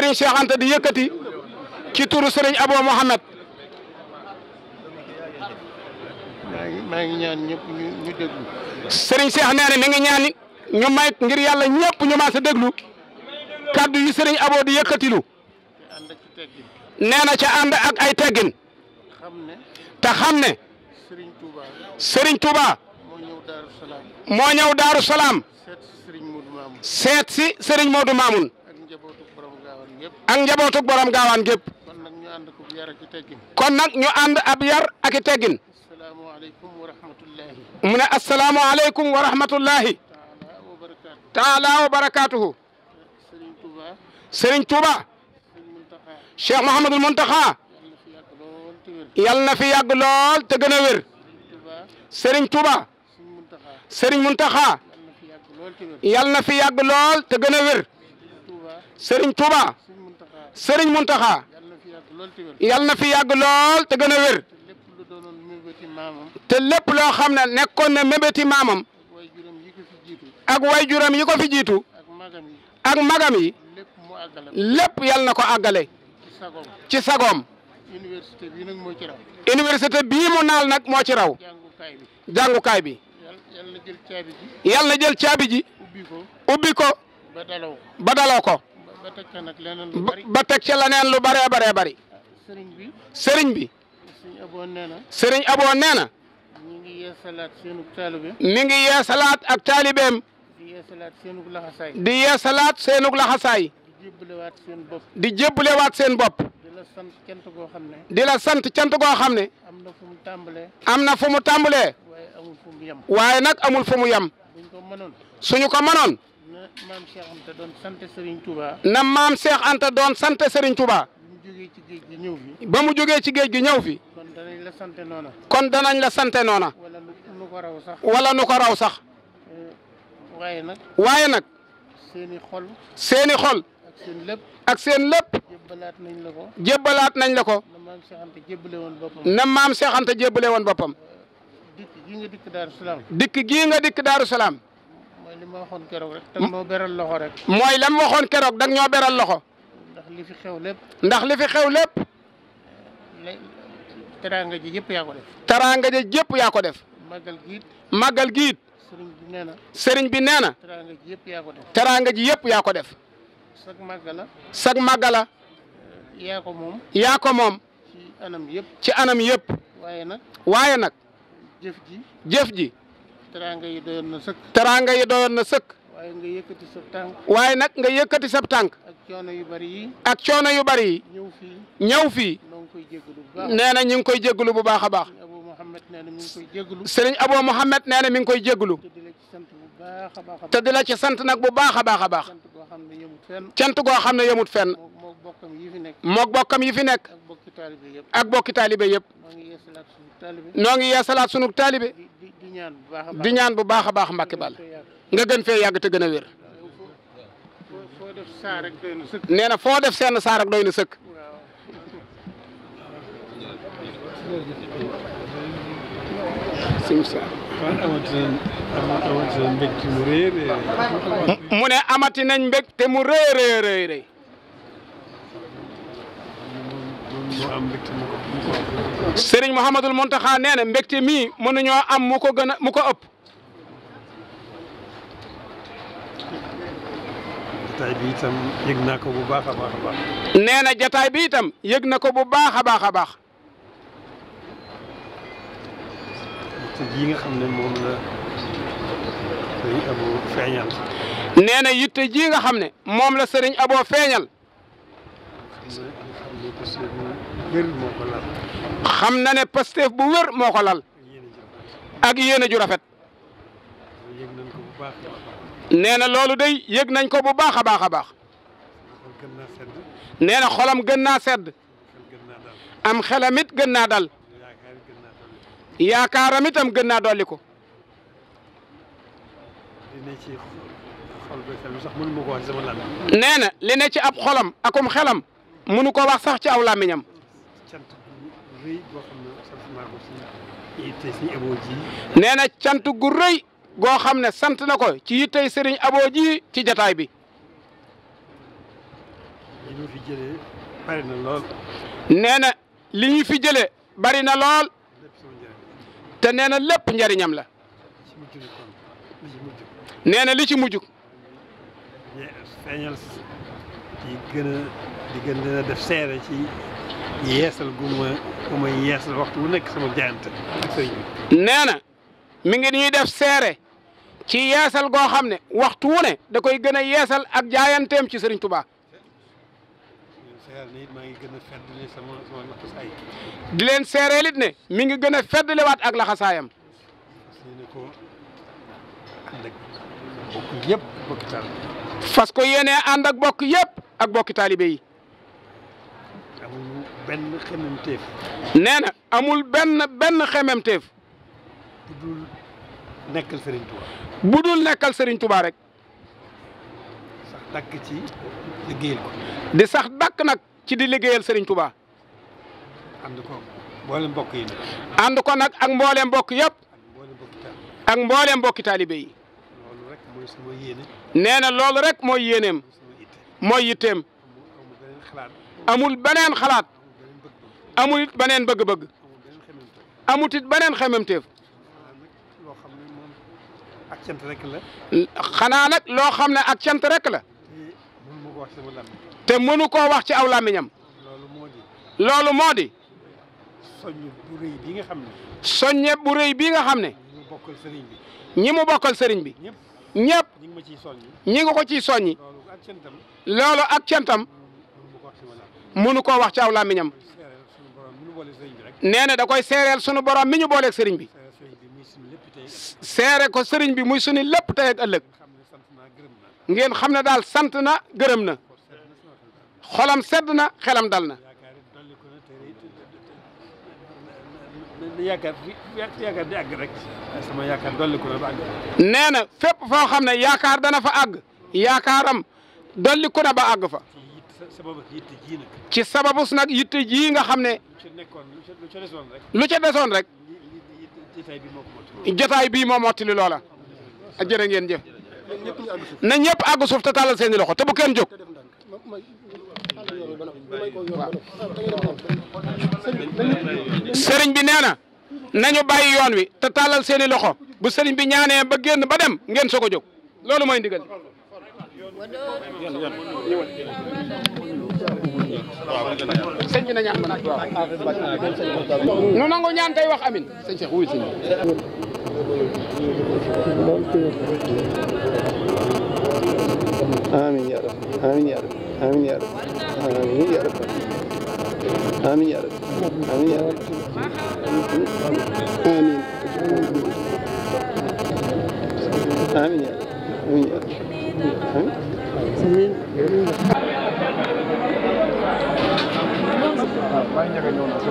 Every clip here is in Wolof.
Serigne Cheikh Anta di yëkkati ci turu Serigne Abo Mohamed. maa ngi ñaan ñëpp ñu ñu déglu. Serigne Cheikh di yëkkatilu. nee na ca ànd ak ay teggin. te xam ne. Serigne Touba. moo ñëw Daaru Salaam. seet si Serigne Modou Mamoun. ak njabootuk borom gaawaan gépp kon nag ñu ànd ab yar ak i teggin mu ne asalaamaaleykum wa rahmatullahi taala wa barakaatuhu Serigne Touba Cheikh Mouhamadul Mountakha yal na fi yàgg lool te gën a wér Serigne Touba Serigne Mountakha yal na fi yàgg lool te gën a wér Serigne Touba. Serigne Mountakha yal na fi yàgg lool te gën a wér te lépp loo xam ne nekkoon na mébéti maamam ak way juram yi ko fi jiitu ak magam yi lépp yal na ko àggale ci sagoom université bii mu naal nag moo ci raw jàngukaay bi yal na jël caabi ji ubbi ko ba ko ba teg ca nag leneen lu bari ba teg ca leneen baree baree bari. Ah, sëriñ bi sëriñ bi. sëriñ Aboo na. sëriñ Aboo nee na. mi ngi yeesalaat seenu taalibe. mi ngi yeesalaat ak taalibeem. di yeesalaat seenug laxasaay. di yeesalaat seenug laxasaay. di seen bopp. di jébbalewaat seen bopp. di la sant cant goo xam ne. di la sant cant goo xam am na fu mu tàmbalee. am na fu mu tàmbalee. waaye amul nag amul fu mu yem. suñu ko mënoon. na maam Cheikh doon sant Serigne Touba. na maam Cheikh Anta doon sant Serigne Touba. ba mu jógee ci géej gi ñëw fi. kon danañ la sant noona. kon danañ la sante noona. wala nu ko raw sax. wala nu ko raw sax. Eh, waaye nag. waaye nag. seeni xol. seeni xol. ak seen lépp. ak seen lépp. jébbalaat nañ la ko. jébbalaat nañ la ko. na maam Cheikh Anta jébbale woon boppam. maam Cheikh Anta jébbale woon boppam. Eh, dikk gii nga dikk Daaru nga dikk Daaru Salaam. mooy li ma waxoon keroog rek. dag ñoo beral loxo rek. mooy lam waxoon keroog dag ñoo beral loxo. ndax li fi xew lépp. ndax li xew lépp. teraanga ji yëpp yaa ko def. teraanga ji yëpp yaa ko def. màggal giit. màggal giit. na. sëriñ bi nee na. teraanga ji yëpp yaa teraanga ji yëpp yaa ko def. sag màggala. sag màggala. Eh, yaa ko moom. yaa moom. ci anam yëpp. ci anam yëpp. waaye nag. waaye nag. jëf ji. jëf ji. teraanga yi doyoon na sëkk. teraanga yi na sëkk. waaye waaye nag nga yëkkati sa tànk. ak coono yu bari yi. ak coono yu bari yi. ñëw fii. ñëw fii. nee na ñu ngi koy jégalu bu baax a baax. sëriñ Abo Mouhamed nee na mi ngi koy jégalu. te di la ci sant nag bu baax a baax a baax. cant goo xam ne yemut fenn. moog bokkam yi fi nekk. ak bokki taalibe yëpp. noo ngi yeesalaat sunu taalibe. di ñaan bu baax a baax Mbacke bal nga gën fee yàgg te a wér. nee na foo def seen saar ak doy na sëkk. mu ne amati nañ te mu rëy a rëy Serigne Mouhamadul Mountakha nee na mbégte mii mënuñoo am mu ko gën a mu ko ëpp. jataay bi itam yëg naa ko bu baax a baax a baax. nee na jataay bi itam yëg na ko bu baax a baax a baax. yitte jii nga xam ne na yitte jii nga xam ne moom la sëriñ Abo feeñal. wér xam na ne Pastef bu wér moo ko lal. ak yéene ju rafet. nee na loolu day yëg nañ ko bu baax a baax a baax. nee na xolam gën naa sedd. am xelamit gën naa dal. yaakaaram itam gën naa dolli ko. nee na li ne ci ab xolam akum xelam munu ko wax sax ci aw làmmiñam cant gu cant gu rëy goo xam ne sant na ko ci yittey sëriñ aboo ji ci jataay bi. li ñu fi nee na li ñu fi jëlee bari na lool. te nee na lépp njariñam la. neena li ci mujj. feeñal di a def seere ci yeesal gu ma yeesal waxtu wu nekk sama jaayante ak nee na mi ngi ñuy def seere ci yeesal goo xam ne waxtu wu ne da koy gën a yeesal ak jaayanteem ci sëriñ Tuubaa. di leen seereel it ne mi ngi gën a feddliwaat ak laxasaayam. fas ko yéenee ànd ak bokk yëpp ak bokki taalibe yi. benn xememteef. nee na amul benn benn xememteef. bu dul bu dul nekkal Serigne Touba rek. sax ci liggéeyal di sax dakk nag ci di liggéeyal sëriñ Touba. ànd ko mboolem mbokk yi. ànd nag ak mboolem mbokk yëpp. ak mboolem mbokki taalibe yi. nee na loolu rek mooy yéeneem. mooy yitteem. amul beneen xalaat. amul it beneen bëgg-bëgg amut it beneen xememteef ak cant rek la. xanaa nag loo xam ne ak cant rek la. te mënu koo wax ci aw làmmiñam. loolu moo di. loolu moo di. soññe bu rëy bii nga xam ne. soññe bu rëy bii nga xam ne. ñi mu bokkal sëriñ bi. ñi mu bokkal sëriñ bi. ñëpp. ñi ngi ma ciy soññi. ñi nga ko ciy soññi. loolu ak cantam. loolu ak cantam. mënu koo wax ci aw làmmiñam. nee na da koy seereel sunu borom mi ñu booleeg sëriñ bi seere ko sëriñ bi muy sunu lépp tey ak ëllëg ngeen xam ne daal sant na gërëm na xolam sedd na xelam dal na. yaakaar yaakaar di yaakaar dolli ko na ba àgg. xam ne yaakaar dana fa àgg yaakaaram dolli ko na ba àgg fa. ci sababus nag yitte jii nga xam ne. lu ca desoon rek. jotaay bii moo mottali loola. jërë ngeen jëf. na ñëpp àgg suuf te tàllal seen i loxo te bu kenn jóg. sëriñ bi nee na nañu bàyyi yoon wi te tàllal seeni loxo bu sëriñ bi ñaanee ba génn ba dem ngeen soog a jóg loolu mooy ndigal. sëñ bi na ñaan ma naaj nu nangu ñaan tey wax amin sëñ Cheikh wuyul sëñ amin ya rab amin ya rab amin ya rab amin ya rab amin ya rab amin ya rab amin amin ya rab amin ya rab Serigne waaw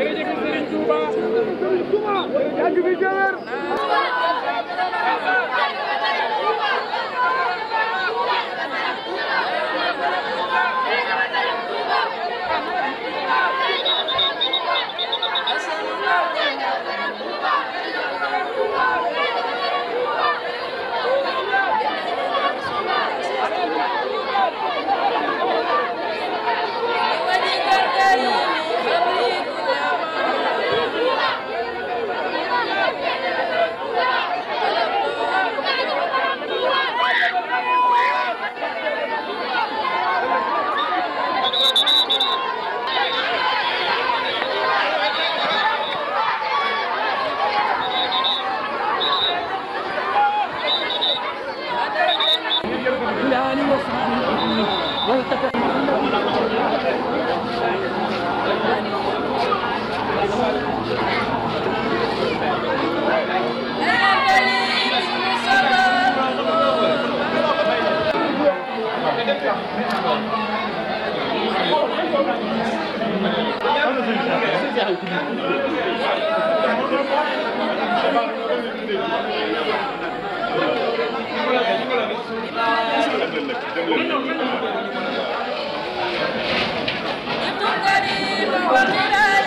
Touba No, no, no.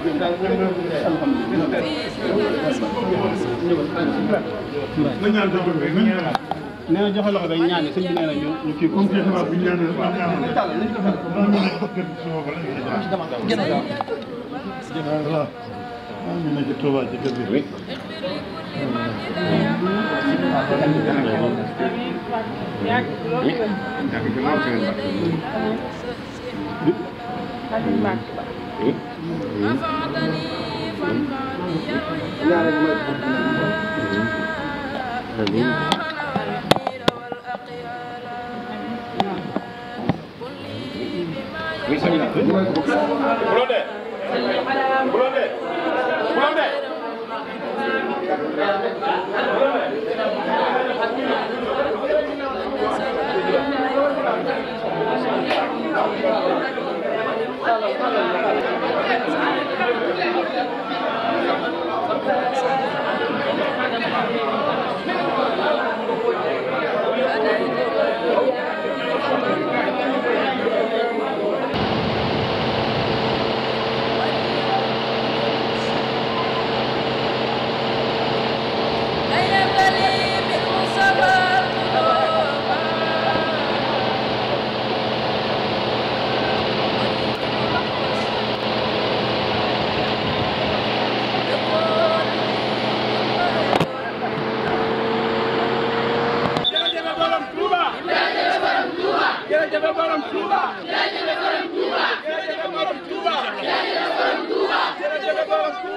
nee na joxe loxo rek ñaan sëñ bi nee na ñu ñu kii ko. waaw. bu loolu de bu loolu de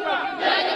Touba